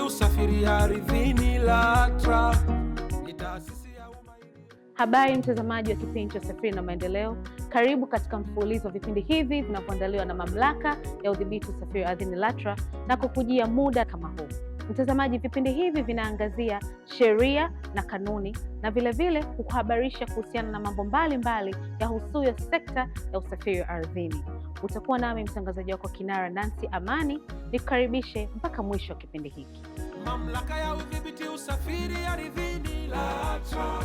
usafiri ardhini LATRA. Habari mtazamaji wa kipindi cha usafiri na maendeleo, karibu katika mfululizo wa vipindi hivi vinavyoandaliwa na mamlaka ya udhibiti usafiri ardhini LATRA na kukujia muda kama huu. Mtazamaji, vipindi hivi vinaangazia sheria na kanuni na vilevile kukuhabarisha kuhusiana na mambo mbalimbali yahusuyo sekta ya usafiri ardhini. Utakuwa nami mtangazaji wako kinara Nancy Amani, nikukaribishe mpaka mwisho wa kipindi hiki. Mamlaka ya udhibiti usafiri ardhini LATRA.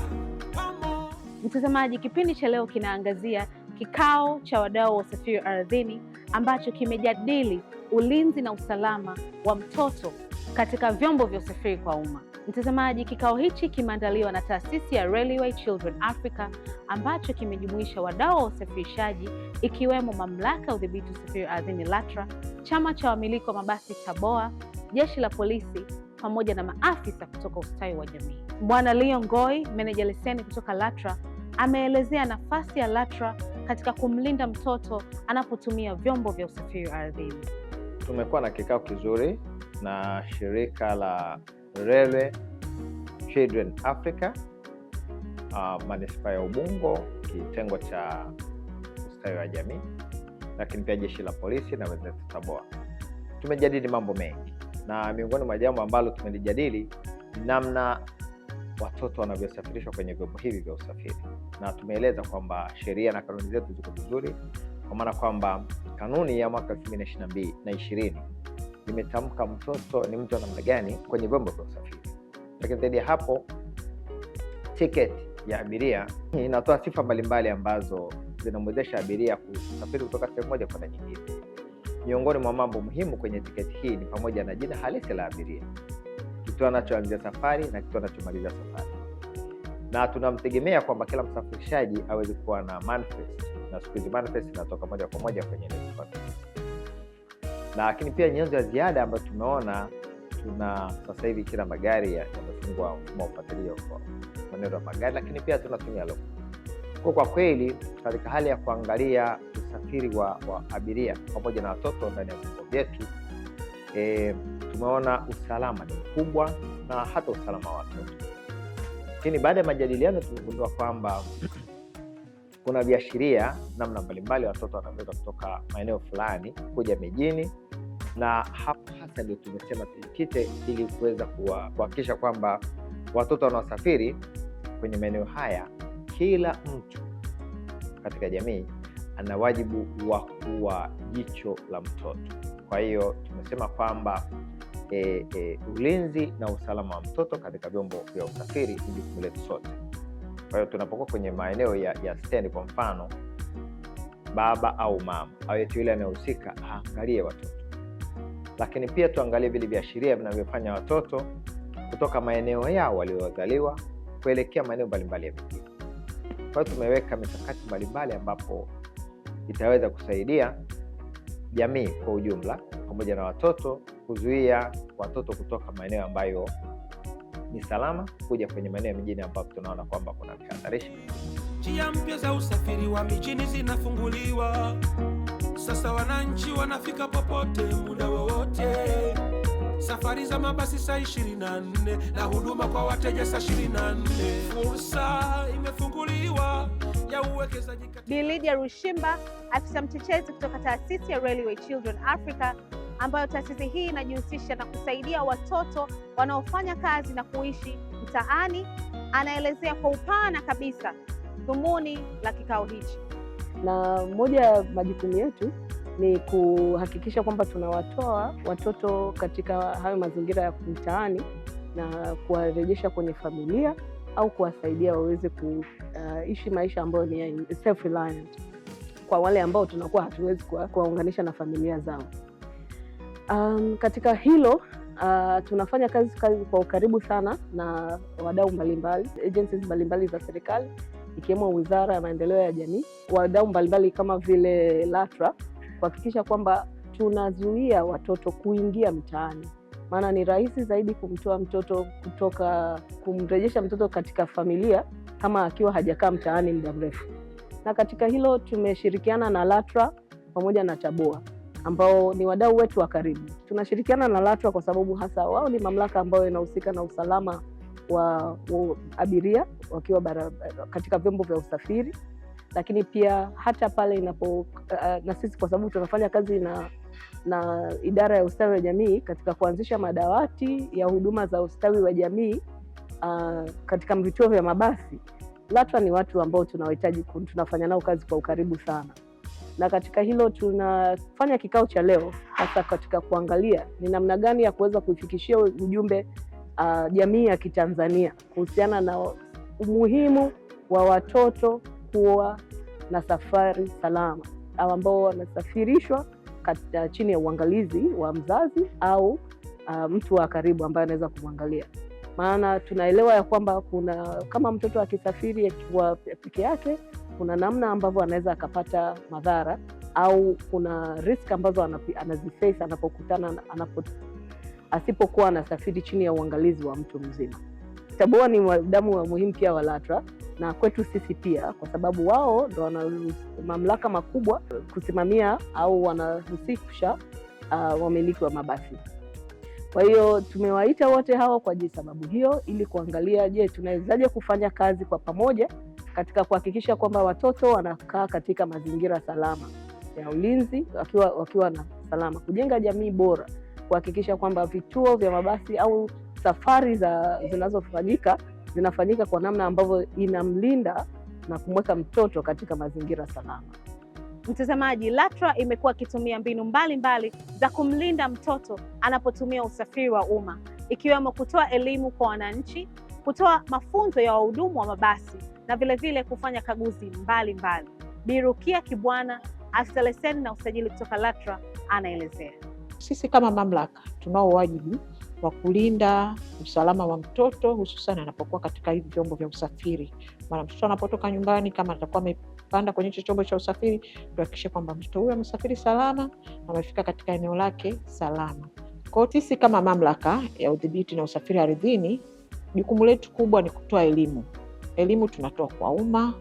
Mtazamaji, kipindi cha leo kinaangazia kikao cha wadau wa usafiri ardhini ambacho kimejadili ulinzi na usalama wa mtoto katika vyombo vya usafiri kwa umma. Mtazamaji, kikao hichi kimeandaliwa na taasisi ya Railway Children Africa ambacho kimejumuisha wadau wa usafirishaji ikiwemo mamlaka ya udhibiti usafiri ardhini LATRA, chama cha wamiliki wa mabasi TABOA, jeshi la polisi pamoja na maafisa kutoka ustawi wa jamii. Bwana Leon Ngoi, meneja leseni kutoka LATRA, ameelezea nafasi ya LATRA katika kumlinda mtoto anapotumia vyombo vya usafiri ardhini. Tumekuwa na kikao kizuri na shirika la Mrere Children Africa uh, manispaa ya Ubungo kitengo cha ustawi wa jamii, lakini pia jeshi la polisi na wenzetu TABOA. Tumejadili mambo mengi, na miongoni mwa jambo ambalo tumelijadili namna watoto wanavyosafirishwa kwenye vyombo hivi vya usafiri, na tumeeleza kwamba sheria na kanuni zetu ziko vizuri, kwa maana kwamba kanuni ya mwaka 2022 na ishirini imetamka mtoto ni mtu wa namna gani kwenye vyombo vya usafiri. Lakini zaidi ya hapo, tiketi ya abiria inatoa sifa mbalimbali ambazo zinamwezesha abiria kusafiri kutoka sehemu moja kwenda nyingine. Miongoni mwa mambo muhimu kwenye tiketi hii ni pamoja na jina halisi la abiria, kitu anachoanzia safari na kitu anachomaliza safari, na tunamtegemea kwamba kila msafirishaji aweze kuwa na manifest, na siku hizi manifest inatoka moja kwa moja kwenye lakini pia nyenzo ya ziada ambayo tumeona tuna sasa hivi kila magari yamefungwa mfumo wa ufatilio kwa mwenendo wa magari, lakini pia tunatumia lock. Kwa kwa kweli katika hali ya kuangalia usafiri wa, wa abiria pamoja na watoto ndani ya vituo vyetu e, tumeona usalama ni mkubwa na hata usalama wa watoto. Lakini baada ya majadiliano tumegundua kwamba kuna viashiria namna mbalimbali watoto wanaweza kutoka maeneo fulani kuja mijini na hapa hasa ndio tumesema tujikite ili kuweza kuhakikisha kwamba watoto wanaosafiri kwenye maeneo haya, kila mtu katika jamii ana wajibu wa kuwa jicho la mtoto. Kwa hiyo tumesema kwamba e, e, ulinzi na usalama wa mtoto katika vyombo vya usafiri ni jukumu letu sote. Kwa hiyo tunapokuwa kwenye maeneo ya, ya stendi kwa mfano, baba au mama au yetu yule anayehusika aangalie watoto lakini pia tuangalie vile viashiria vinavyofanya watoto kutoka maeneo yao waliozaliwa kuelekea maeneo mbalimbali ya mijini. Kwa hiyo tumeweka mikakati mbalimbali ambapo itaweza kusaidia jamii kwa ujumla pamoja na watoto, kuzuia watoto kutoka maeneo ambayo ni salama kuja kwenye maeneo ya mijini ambapo tunaona kwamba kuna vihatarishi. Njia mpya za usafiri wa mijini zinafunguliwa. Sasa wananchi wanafika popote muda wowote, safari za mabasi saa 24 na huduma kwa wateja saa 24. Fursa imefunguliwa ya uwekezaji. Bi Lydia Rushimba, afisa mtetezi kutoka taasisi ya Railway Children Africa ambayo taasisi hii inajihusisha na kusaidia watoto wanaofanya kazi na kuishi mtaani, anaelezea kwa upana kabisa dhumuni la kikao hichi na moja ya majukumu yetu ni kuhakikisha kwamba tunawatoa watoto katika hayo mazingira ya mtaani na kuwarejesha kwenye familia au kuwasaidia waweze kuishi uh, maisha ambayo ni self reliant kwa wale ambao tunakuwa hatuwezi kuwaunganisha na familia zao. Um, katika hilo uh, tunafanya kazi, kazi kwa ukaribu sana na wadau mbalimbali, agencies mbalimbali za serikali ikiwemo Wizara ya Maendeleo ya Jamii, wadau mbalimbali kama vile LATRA kuhakikisha kwamba tunazuia watoto kuingia mtaani, maana ni rahisi zaidi kumtoa mtoto kutoka, kumrejesha mtoto katika familia kama akiwa hajakaa mtaani muda mrefu. Na katika hilo tumeshirikiana na LATRA pamoja na TABOA ambao ni wadau wetu wa karibu. Tunashirikiana na LATRA kwa sababu hasa wao ni mamlaka ambayo inahusika na usalama wa, wa abiria wakiwa bara, katika vyombo vya usafiri, lakini pia hata pale inapo uh, na sisi kwa sababu tunafanya kazi na na idara ya ustawi wa jamii katika kuanzisha madawati ya huduma za ustawi wa jamii uh, katika vituo vya mabasi. LATRA ni watu ambao tunawahitaji, tunafanya nao kazi kwa ukaribu sana, na katika hilo tunafanya kikao cha leo hasa katika kuangalia ni namna gani ya kuweza kuifikishia ujumbe uh, jamii ya Kitanzania kuhusiana na umuhimu wa watoto kuwa na safari salama ambao wanasafirishwa katika uh, chini ya uangalizi wa mzazi au uh, mtu wa karibu ambaye anaweza kumwangalia. Maana tunaelewa ya kwamba kuna kama mtoto akisafiri akiwa peke yake, kuna namna ambavyo anaweza akapata madhara au kuna risk ambazo anaziface anapokutana anapo asipokuwa anasafiri chini ya uangalizi wa mtu mzima. Tabora ni wadamu wa muhimu pia wa LATRA na kwetu sisi pia, kwa sababu wao ndo wana mamlaka makubwa kusimamia au wanahusisha uh, wamiliki wa mabasi. Kwa hiyo tumewaita wote hawa kwa sababu hiyo, ili kuangalia, je, tunawezaje kufanya kazi kwa pamoja katika kuhakikisha kwamba watoto wanakaa katika mazingira salama ya ulinzi wakiwa, wakiwa na salama, kujenga jamii bora kuhakikisha kwamba vituo vya mabasi au safari za zinazofanyika zinafanyika kwa namna ambavyo inamlinda na kumweka mtoto katika mazingira salama. Mtazamaji, LATRA imekuwa ikitumia mbinu mbalimbali mbali za kumlinda mtoto anapotumia usafiri wa umma ikiwemo kutoa elimu kwa wananchi, kutoa mafunzo ya wahudumu wa mabasi na vilevile vile kufanya kaguzi mbalimbali. Birukia Kibwana, afisa leseni na usajili kutoka LATRA anaelezea sisi kama mamlaka tunao wajibu wa kulinda usalama wa mtoto hususan anapokuwa katika hivi vyombo vya usafiri. Maana mtoto anapotoka nyumbani, kama atakuwa amepanda kwenye hicho chombo cha usafiri, tuhakikishe kwamba mtoto huyo amesafiri salama, amefika katika eneo lake salama. Kwa hiyo sisi kama mamlaka ya udhibiti na usafiri ardhini, jukumu letu kubwa ni kutoa elimu. Elimu tunatoa kwa umma,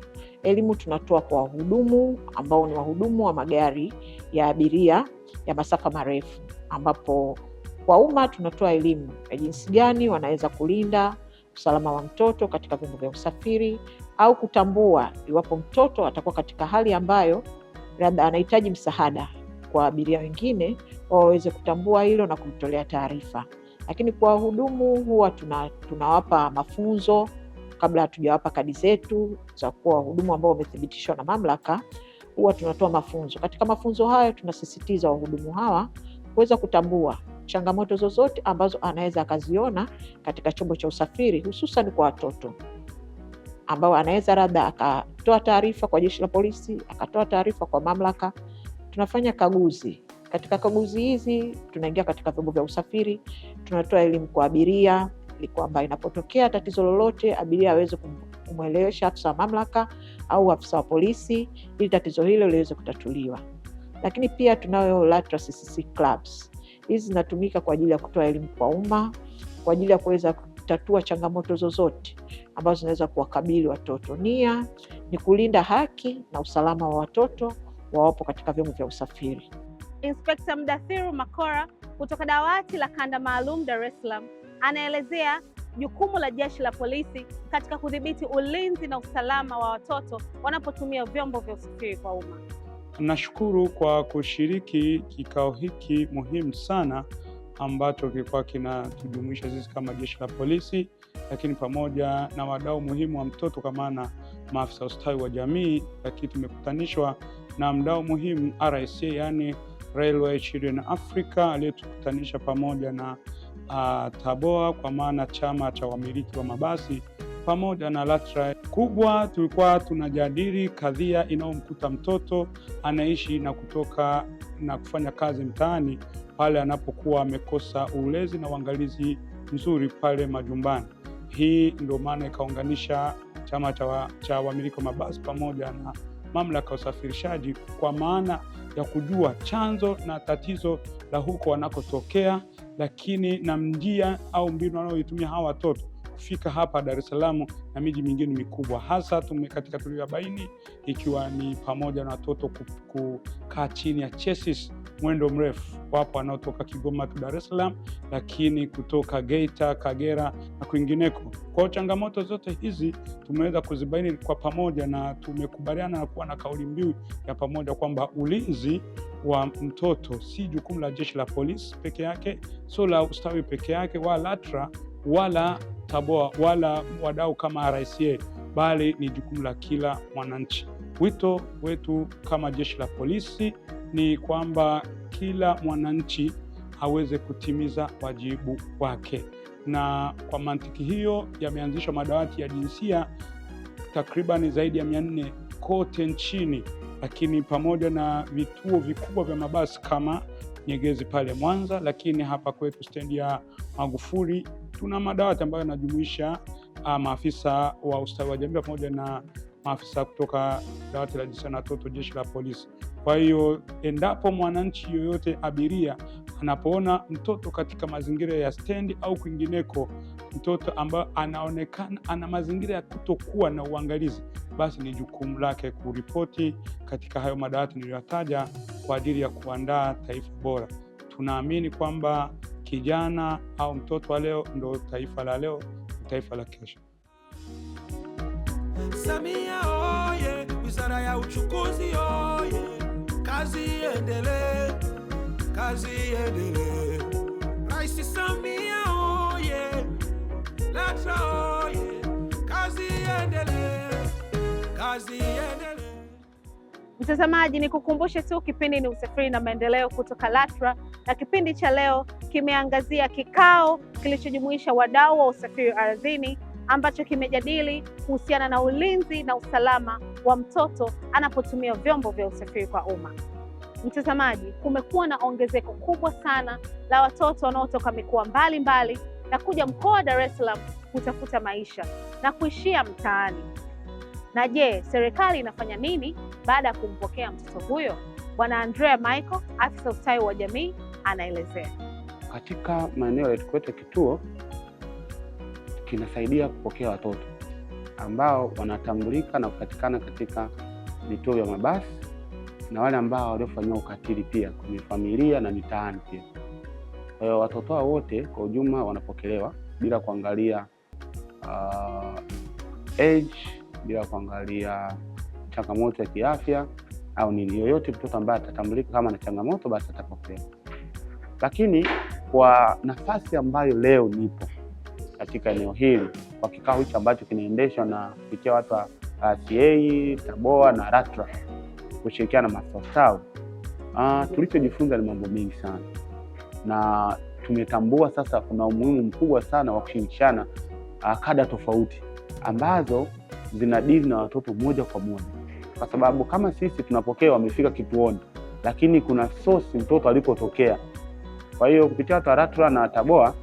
elimu tunatoa kwa wahudumu ambao ni wahudumu wa magari ya abiria ya masafa marefu, ambapo kwa umma tunatoa elimu ya jinsi gani wanaweza kulinda usalama wa mtoto katika vyombo vya usafiri au kutambua iwapo mtoto atakuwa katika hali ambayo labda anahitaji msaada kwa abiria wengine, waweze kutambua hilo na kumtolea taarifa. Lakini kwa wahudumu huwa tuna, tunawapa mafunzo kabla hatujawapa kadi zetu za kuwa wahudumu ambao wamethibitishwa na mamlaka huwa tunatoa mafunzo. Katika mafunzo hayo tunasisitiza wahudumu hawa kuweza kutambua changamoto zozote ambazo anaweza akaziona katika chombo cha usafiri, hususan kwa watoto ambao anaweza labda akatoa taarifa kwa jeshi la polisi, akatoa taarifa kwa mamlaka. Tunafanya kaguzi. Katika kaguzi hizi tunaingia katika vyombo vya usafiri, tunatoa elimu kwa abiria ili kwamba inapotokea tatizo lolote abiria aweze umweleweshe afisa wa mamlaka au afisa wa polisi ili tatizo hilo liweze kutatuliwa. Lakini pia tunayo clubs. Hizi zinatumika kwa ajili ya kutoa elimu kwa umma kwa ajili ya kuweza kutatua changamoto zozote ambazo zinaweza kuwakabili watoto. Nia ni kulinda haki na usalama wa watoto wawapo katika vyombo vya usafiri. Inspekta Mdathiru Makora kutoka dawati la kanda maalum dares salam Salaam anaelezea jukumu la jeshi la polisi katika kudhibiti ulinzi na usalama wa watoto wanapotumia vyombo vya usafiri kwa umma. Nashukuru kwa kushiriki kikao hiki muhimu sana ambacho kilikuwa kinatujumuisha sisi kama jeshi la polisi, lakini pamoja na wadau muhimu wa mtoto kwa maana maafisa ustawi wa jamii, lakini tumekutanishwa na mdau muhimu RSA, yani Railway Children Africa, aliyetukutanisha pamoja na uh, TABOA kwa maana chama cha wamiliki wa mabasi pamoja na LATRA kubwa, tulikuwa tunajadili kadhia inayomkuta mtoto anaishi na kutoka na kufanya kazi mtaani pale anapokuwa amekosa ulezi na uangalizi mzuri pale majumbani. Hii ndio maana ikaunganisha chama cha wamiliki wa mabasi pamoja na mamlaka ya usafirishaji kwa maana ya kujua chanzo na tatizo la huko wanakotokea lakini na njia au mbinu wanaoitumia hawa watoto kufika hapa Dar es Salaam na miji mingine mikubwa, hasa katika tuliobaini, ikiwa ni pamoja na watoto kukaa chini ya chesis mwendo mrefu. Wapo wanaotoka Kigoma tu Dar es Salaam, lakini kutoka Geita, Kagera na kwingineko. Kwa changamoto zote hizi tumeweza kuzibaini kwa pamoja, na tumekubaliana na kuwa na kauli mbiu ya pamoja kwamba ulinzi wa mtoto si jukumu la jeshi la polisi peke yake, sio la ustawi peke yake, wala LATRA wala TABOA wala wadau kama RCA, bali ni jukumu la kila mwananchi. Wito wetu kama jeshi la polisi ni kwamba kila mwananchi aweze kutimiza wajibu wake, na kwa mantiki hiyo yameanzishwa madawati ya jinsia takribani zaidi ya mia nne kote nchini lakini pamoja na vituo vikubwa vya mabasi kama Nyegezi pale Mwanza, lakini hapa kwetu stendi ya Magufuli tuna madawati ambayo yanajumuisha ah, maafisa wa ustawi wa jamii pamoja na maafisa kutoka dawati la jinsia na watoto, jeshi la polisi. Kwa hiyo endapo mwananchi yoyote abiria anapoona mtoto katika mazingira ya stendi au kwingineko mtoto ambaye anaonekana ana mazingira ya kutokuwa na uangalizi, basi ni jukumu lake kuripoti katika hayo madawati niliyoyataja kwa ajili ya kuandaa taifa bora. Tunaamini kwamba kijana au mtoto wa leo ndo taifa la leo, taifa la kesho. Samia oye! Wizara ya Uchukuzi oye! Kazi iendelee, kazi iendelee, Rais Samia kazi iendelee, kazi iendelee. Mtazamaji, ni kukumbushe tu kipindi ni usafiri na maendeleo kutoka LATRA, na kipindi cha leo kimeangazia kikao kilichojumuisha wadau wa usafiri ardhini ambacho kimejadili kuhusiana na ulinzi na usalama wa mtoto anapotumia vyombo vya usafiri kwa umma. Mtazamaji, kumekuwa na ongezeko kubwa sana la watoto wanaotoka mikoa mbalimbali na kuja mkoa wa Dar es Salaam kutafuta maisha na kuishia mtaani. Na je, serikali inafanya nini baada ya kumpokea mtoto huyo? Bwana Andrea Michael, afisa ustawi wa jamii, anaelezea. Katika maeneo yetu kwetu, kituo kinasaidia kupokea watoto ambao wanatambulika na kupatikana katika vituo vya mabasi na wale ambao waliofanyiwa ukatili pia kwenye familia na mitaani pia. Kwa hiyo watoto hao wote kwa ujumla wanapokelewa bila kuangalia uh, age, bila kuangalia changamoto ya kiafya au nini. Yoyote mtoto ambaye atatambulika kama na changamoto basi atapokea. Lakini kwa nafasi ambayo leo nipo katika eneo hili kwa kikao hichi ambacho kinaendeshwa na kupitia watu wa RCA, TABOA na RATRA kushirikiana na mastawi uh, tulichojifunza ni mambo mengi sana na tumetambua sasa kuna umuhimu mkubwa sana wa kushirikishana Uh, kada tofauti ambazo zina dili na watoto moja kwa moja, kwa sababu kama sisi tunapokea wamefika kituoni, lakini kuna sosi mtoto alikotokea. Kwa hiyo kupitia TARATRA na TABOA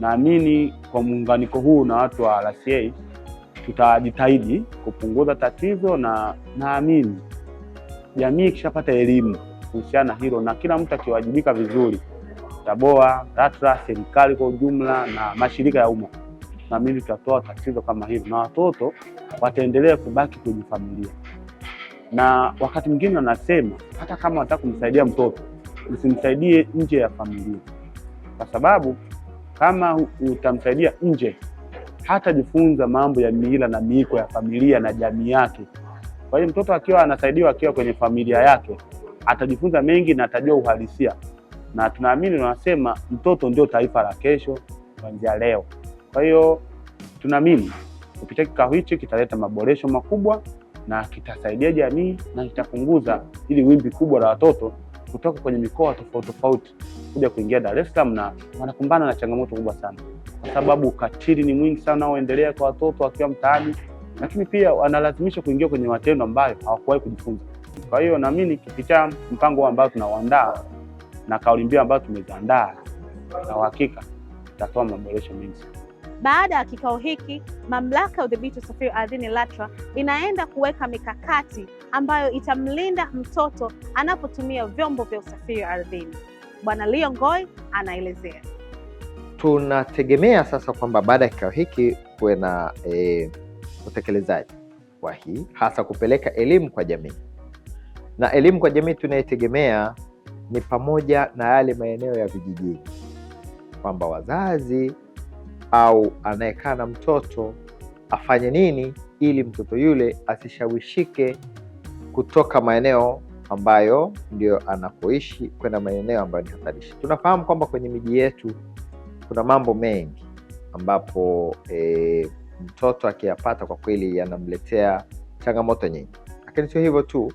naamini kwa muunganiko huu na watu wa RCA tutajitahidi kupunguza tatizo, na naamini jamii ikishapata elimu kuhusiana hilo na kila mtu akiwajibika vizuri, TABOA, TARATRA, serikali kwa ujumla na mashirika ya umma mimi tutatoa tatizo kama hili, na watoto wataendelea kubaki kwenye familia. Na wakati mwingine wanasema hata kama wataka kumsaidia mtoto usimsaidie nje ya familia, kwa sababu kama utamsaidia nje hatajifunza mambo ya mila na miiko ya familia na jamii yake. Kwa hiyo mtoto akiwa anasaidiwa akiwa kwenye familia yake atajifunza mengi na atajua uhalisia, na tunaamini tunasema mtoto ndio taifa la kesho kuanzia leo. Kwa hiyo tunaamini kupitia kikao hichi kitaleta maboresho makubwa na kitasaidia jamii na kitapunguza ili wimbi kubwa la watoto kutoka kwenye mikoa tofauti tofauti kuja kuingia Dar es Salaam, na wanakumbana na changamoto kubwa sana, kwa sababu ukatili ni mwingi sana unaoendelea kwa watoto wakiwa mtaani, lakini pia wanalazimisha kuingia kwenye matendo ambayo hawakuwahi kujifunza. Kwa hiyo naamini kupitia mpango ambao tunauandaa na kauli mbiu ambayo tumeziandaa, na uhakika tutatoa maboresho mengi. Baada ya kikao hiki, mamlaka ya udhibiti usafiri ardhini LATRA inaenda kuweka mikakati ambayo itamlinda mtoto anapotumia vyombo vya usafiri ardhini. Bwana Leo anaelezea. Tunategemea sasa kwamba baada ya kikao hiki kuwe na e, utekelezaji wa hii, hasa kupeleka elimu kwa jamii, na elimu kwa jamii tunayetegemea ni pamoja na yale maeneo ya vijijini, kwamba wazazi au anayekaa na mtoto afanye nini ili mtoto yule asishawishike kutoka maeneo ambayo ndio anapoishi kwenda maeneo ambayo ni hatarishi. Tunafahamu kwamba kwenye miji yetu kuna mambo mengi ambapo e, mtoto akiyapata kwa kweli yanamletea changamoto nyingi, lakini sio hivyo tu,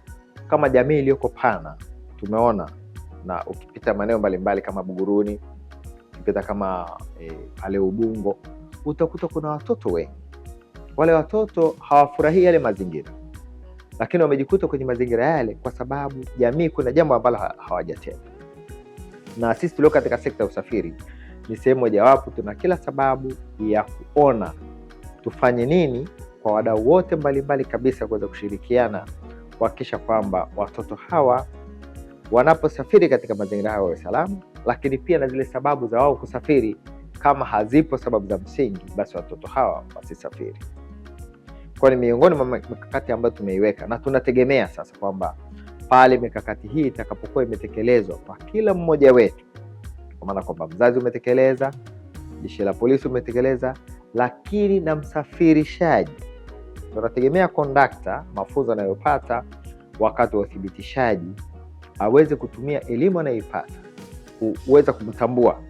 kama jamii iliyoko pana tumeona, na ukipita maeneo mbalimbali kama Buguruni ukipita kama e, Ubungo utakuta kuna watoto wengi. Wale watoto hawafurahii yale mazingira, lakini wamejikuta kwenye mazingira yale kwa sababu jamii, kuna jambo ambalo hawajatenda. Na sisi tulio katika sekta ya usafiri ni sehemu mojawapo, tuna kila sababu ya kuona tufanye nini kwa wadau wote mbalimbali kabisa kuweza kushirikiana kuhakikisha kwamba watoto hawa wanaposafiri katika mazingira hayo wawe salama lakini pia na zile sababu za wao kusafiri. Kama hazipo sababu za msingi, basi watoto hawa wasisafiri. Kwa ni miongoni mwa mikakati ambayo tumeiweka na tunategemea sasa kwamba pale mikakati hii itakapokuwa imetekelezwa kwa kila mmoja wetu, kwa maana kwamba mzazi umetekeleza, jeshi la polisi umetekeleza, lakini na msafirishaji tunategemea kondakta, mafunzo anayopata wakati wa uthibitishaji aweze kutumia elimu anayoipata kuweza kumtambua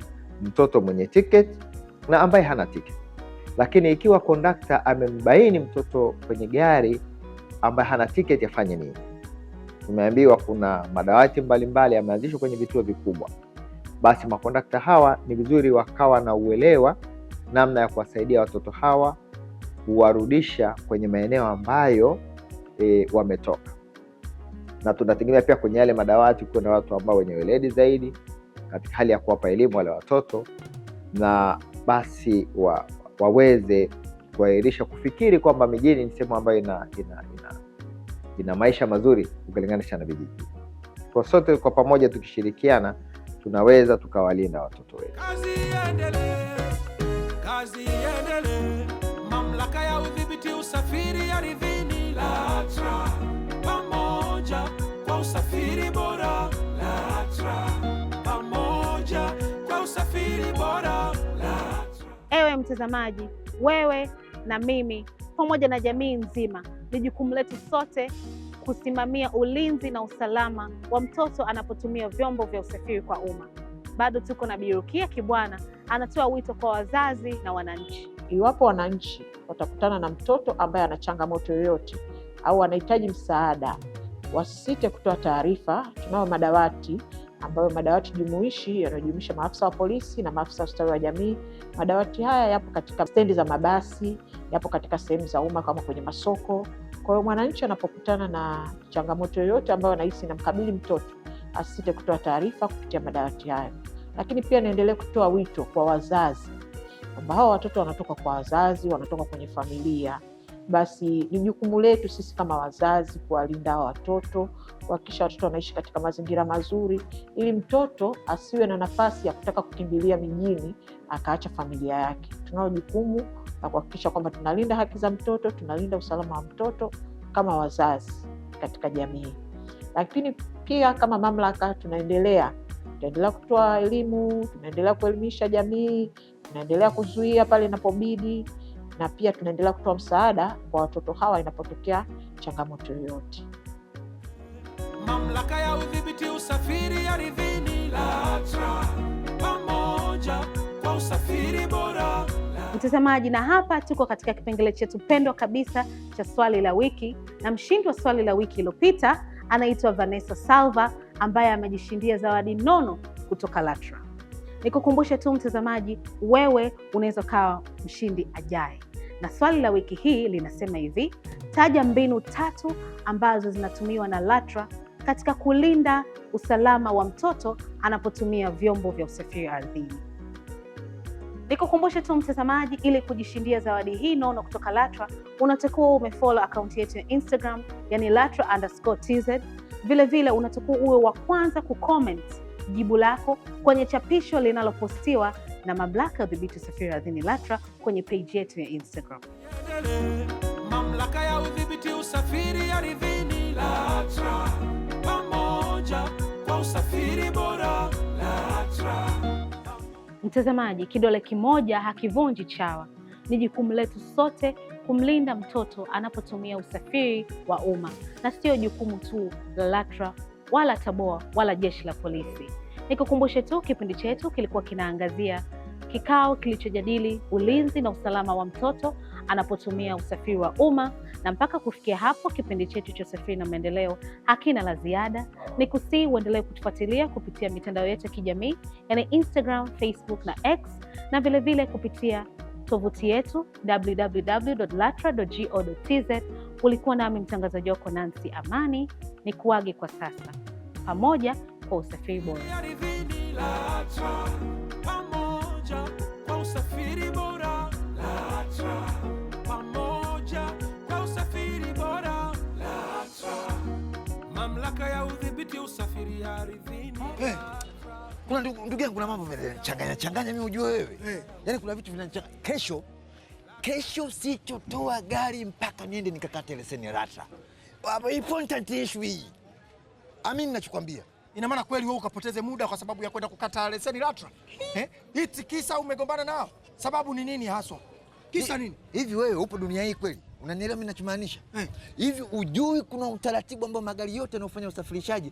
mtoto mwenye tiketi na ambaye hana tiketi. Lakini ikiwa kondakta amembaini mtoto kwenye gari ambaye hana tiketi afanye nini? Tumeambiwa kuna madawati mbalimbali yameanzishwa kwenye vituo vikubwa, basi makondakta hawa ni vizuri wakawa na uelewa namna ya kuwasaidia watoto hawa kuwarudisha kwenye maeneo ambayo e, wametoka, na tunategemea pia kwenye yale madawati kuwe na watu ambao wenye weledi zaidi katika hali ya kuwapa elimu wale watoto, na basi wa, waweze kuahirisha kufikiri kwamba mijini ni sehemu ambayo ina, ina, ina, ina maisha mazuri ukilinganisha na vijijini. Kwa sote kwa pamoja tukishirikiana, tunaweza tukawalinda watoto wetu. Kazi iendelee, kazi iendelee. Mamlaka ya Udhibiti Usafiri Ardhini LATRA, pamoja kwa usafiri bora LATRA. Ewe mtazamaji, wewe na mimi pamoja na jamii nzima, ni jukumu letu sote kusimamia ulinzi na usalama wa mtoto anapotumia vyombo vya usafiri kwa umma. Bado tuko na Birukia Kibwana anatoa wito kwa wazazi na wananchi. Iwapo wananchi watakutana na mtoto ambaye ana changamoto yoyote au anahitaji msaada, wasisite kutoa taarifa. Tunayo madawati ambayo madawati jumuishi yanajumuisha maafisa wa polisi na maafisa wa ustawi wa jamii. Madawati haya yapo katika stendi za mabasi, yapo katika sehemu za umma kama kwenye masoko. Kwa hiyo mwananchi anapokutana na changamoto yoyote ambayo anahisi inamkabili mtoto, asisite kutoa taarifa kupitia madawati hayo. Lakini pia naendelea kutoa wito kwa wazazi kwamba hawa watoto wanatoka kwa wazazi, wanatoka kwenye familia basi ni jukumu letu sisi kama wazazi kuwalinda hawa watoto, kuhakikisha watoto wanaishi katika mazingira mazuri, ili mtoto asiwe na nafasi ya kutaka kukimbilia mijini akaacha familia yake. Tunalo jukumu la kuhakikisha kwamba tunalinda haki za mtoto, tunalinda usalama wa mtoto kama wazazi katika jamii, lakini pia kama mamlaka tunaendelea tunaendelea kutoa elimu, tunaendelea kuelimisha jamii, tunaendelea kuzuia pale inapobidi, na pia tunaendelea kutoa msaada kwa watoto hawa inapotokea changamoto yoyote. Mamlaka ya udhibiti usafiri ardhini LATRA, pamoja kwa usafiri bora. Mtazamaji, na hapa tuko katika kipengele chetu pendwa kabisa cha swali la wiki, na mshindi wa swali la wiki iliyopita anaitwa Vanessa Salva ambaye amejishindia zawadi nono kutoka LATRA. Nikukumbushe tu mtazamaji, wewe unaweza ukawa mshindi ajaye. Na swali la wiki hii linasema hivi: taja mbinu tatu ambazo zinatumiwa na LATRA katika kulinda usalama wa mtoto anapotumia vyombo vya usafiri ardhini. Nikukumbushe tu mtazamaji, ili kujishindia zawadi hii nono kutoka LATRA unatakuwa umefollow akaunti yetu ya Instagram, yani LATRA_tz. Vilevile unatakuwa uwe wa kwanza kucomment jibu lako kwenye chapisho linalopostiwa na mamlaka ya udhibiti usafiri ardhini LATRA kwenye peji yetu ya Instagram. Mamlaka ya udhibiti usafiri ardhini LATRA, pamoja kwa usafiri bora LATRA. Mtazamaji, kidole kimoja hakivunji chawa. Ni jukumu letu sote kumlinda mtoto anapotumia usafiri wa umma, na sio jukumu tu la LATRA wala TABOA wala jeshi la polisi. Nikukumbushe tu kipindi chetu kilikuwa kinaangazia kikao kilichojadili ulinzi na usalama wa mtoto anapotumia usafiri wa umma, na mpaka kufikia hapo kipindi chetu cha usafiri na maendeleo hakina la ziada. Ni kusii uendelee kutufuatilia kupitia mitandao yetu ya kijamii, yani Instagram, Facebook na X, na vilevile kupitia tovuti yetu www.latra.go.tz Ulikuwa nami mtangazaji wako Nancy Amani, ni kuage kwa sasa, pamoja kwa usafiri bora. Hey, eh, kuna ndugu yangu kuna mambo vinanichanganya changanya mimi, ujue wewe hey. Eh. Yaani kuna vitu vinanichanganya. Kesho kesho sichotoa gari mpaka niende nikakate leseni rata. Important issue hii, amini nachokwambia. Ina maana kweli wewe ukapoteze muda kwa sababu ya kwenda kukata leseni rata eh? Iti kisa umegombana nao, sababu ni nini haswa? Kisa nini? Hivi wewe upo dunia hii kweli? Unanielewa mimi ninachomaanisha eh. hivi Ujui kuna utaratibu ambao magari yote yanayofanya usafirishaji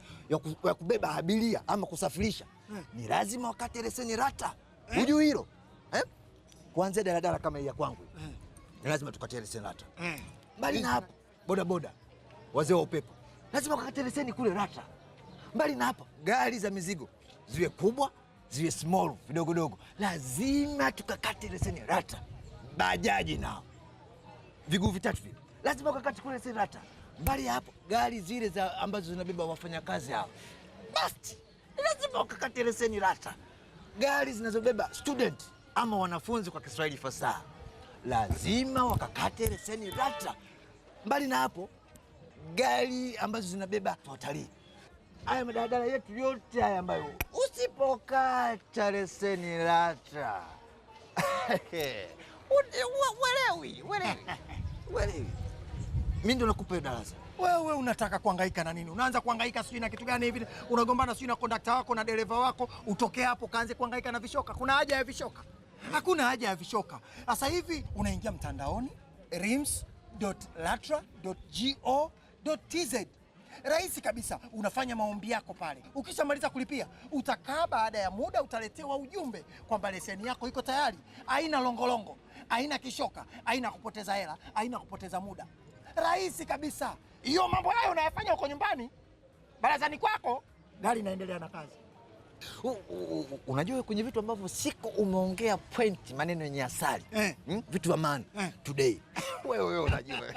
ya kubeba abiria ama kusafirisha eh, ni lazima wakate leseni rata eh? Ujui hilo eh? kuanzia daladala kama ya kwangu eh. ni lazima tukatie leseni RATA eh. Mbali na hapo boda boda, wazee wa upepo lazima kukatie leseni kule RATA. Mbali na hapo gari za mizigo ziwe kubwa ziwe small vidogodogo, lazima tukakate leseni RATA. Bajaji nao viguu vitatu vile lazima ukakate kule leseni RATA. Mbali ya hapo gari zile za ambazo zinabeba wafanyakazi hao basi lazima ukakate leseni RATA. Gari zinazobeba student ama wanafunzi kwa Kiswahili fasaha lazima wakakate leseni RATA. Mbali na hapo, gari ambazo zinabeba watalii, haya madaladala yetu yote haya ambayo usipokata leseni RATA welewi welewi mi ndo nakupa hiyo darasa. Wewe unataka kuhangaika na nini? Unaanza kuhangaika sijui na kitu gani hivi, unagombana sijui na kondakta wako na dereva wako, utokee hapo kaanze kuhangaika na vishoka. Kuna haja ya vishoka? Hakuna haja ya vishoka. Sasa hivi unaingia mtandaoni rims.latra.go.tz, rahisi kabisa. Unafanya maombi yako pale, ukishamaliza kulipia utakaa, baada ya muda utaletewa ujumbe kwamba leseni yako iko tayari. Haina longolongo, haina kishoka, haina kupoteza hela, haina kupoteza muda, rahisi kabisa. Hiyo mambo hayo unayafanya huko nyumbani barazani kwako, gari inaendelea na kazi. Unajua kwenye vitu ambavyo siku umeongea point maneno yenye asali eh, hmm? vitu vya maana eh, today wewe wewe unajua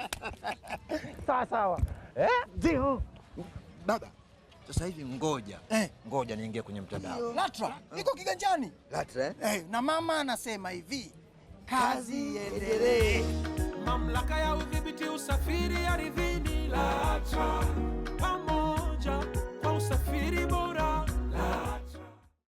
sawa sawa eh, ndio hmm. baba. Sasa hivi ngoja eh, ngoja niingie kwenye mtandao LATRA hmm. niko kiganjani LATRA eh? eh, na mama anasema hivi kazi iendelee. Mamlaka ya udhibiti usafiri ardhini LATRA, pamoja kwa usafiri bora LATRA.